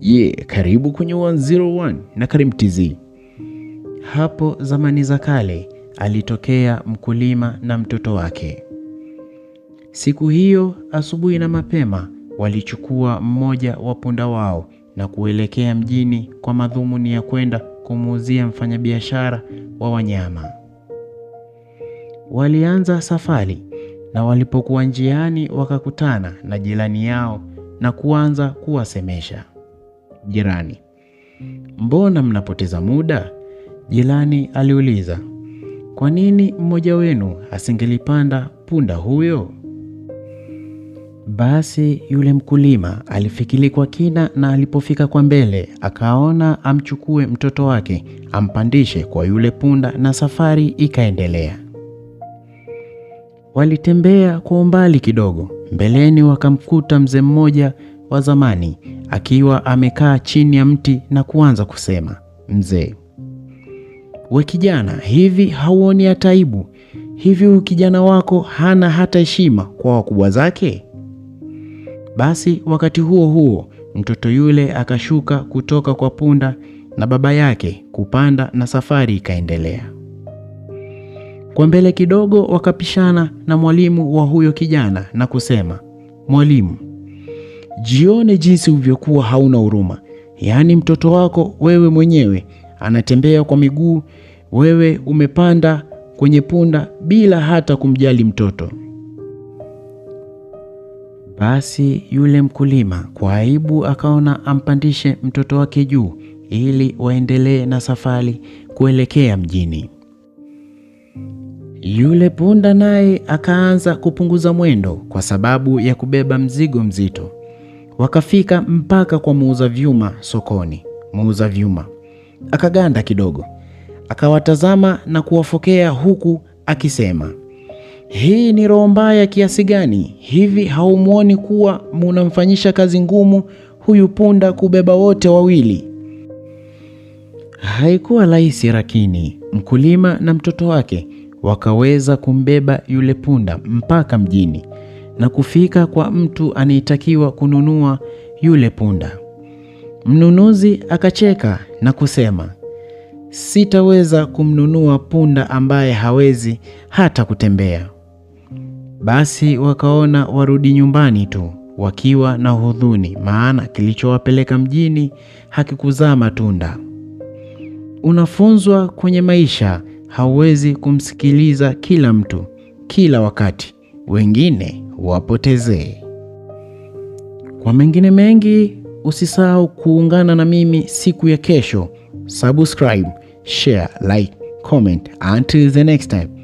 Ye yeah, karibu kwenye 101 na Karim TZ. Hapo zamani za kale alitokea mkulima na mtoto wake. Siku hiyo asubuhi na mapema walichukua mmoja wa punda wao na kuelekea mjini kwa madhumuni ya kwenda kumuuzia mfanyabiashara wa wanyama. Walianza safari na walipokuwa njiani wakakutana na jirani yao na kuanza kuwasemesha jirani. Mbona mnapoteza muda? Jirani aliuliza. Kwa nini mmoja wenu asingelipanda punda huyo? Basi yule mkulima alifikiri kwa kina, na alipofika kwa mbele akaona amchukue mtoto wake ampandishe kwa yule punda, na safari ikaendelea. Walitembea kwa umbali kidogo, mbeleni wakamkuta mzee mmoja wa zamani akiwa amekaa chini ya mti na kuanza kusema, mzee we kijana, hivi hauoni ya taibu? Hivi huyu kijana wako hana hata heshima kwa wakubwa zake? Basi wakati huo huo mtoto yule akashuka kutoka kwa punda na baba yake kupanda, na safari ikaendelea. Kwa mbele kidogo, wakapishana na mwalimu wa huyo kijana na kusema, mwalimu Jione jinsi ulivyokuwa hauna huruma. Yaani mtoto wako wewe mwenyewe anatembea kwa miguu, wewe umepanda kwenye punda bila hata kumjali mtoto. Basi yule mkulima kwa aibu akaona ampandishe mtoto wake juu ili waendelee na safari kuelekea mjini. Yule punda naye akaanza kupunguza mwendo kwa sababu ya kubeba mzigo mzito. Wakafika mpaka kwa muuza vyuma sokoni. Muuza vyuma akaganda kidogo, akawatazama na kuwafokea huku akisema, hii ni roho mbaya kiasi gani hivi! Haumwoni kuwa munamfanyisha kazi ngumu huyu punda kubeba wote wawili? Haikuwa rahisi, lakini mkulima na mtoto wake wakaweza kumbeba yule punda mpaka mjini na kufika kwa mtu anayetakiwa kununua yule punda. Mnunuzi akacheka na kusema, sitaweza kumnunua punda ambaye hawezi hata kutembea. Basi wakaona warudi nyumbani tu wakiwa na hudhuni, maana kilichowapeleka mjini hakikuzaa matunda. Unafunzwa kwenye maisha, hauwezi kumsikiliza kila mtu kila wakati. Wengine wapotezee. Kwa mengine mengi, usisahau kuungana na mimi siku ya kesho. Subscribe, share, like, comment. Until the next time.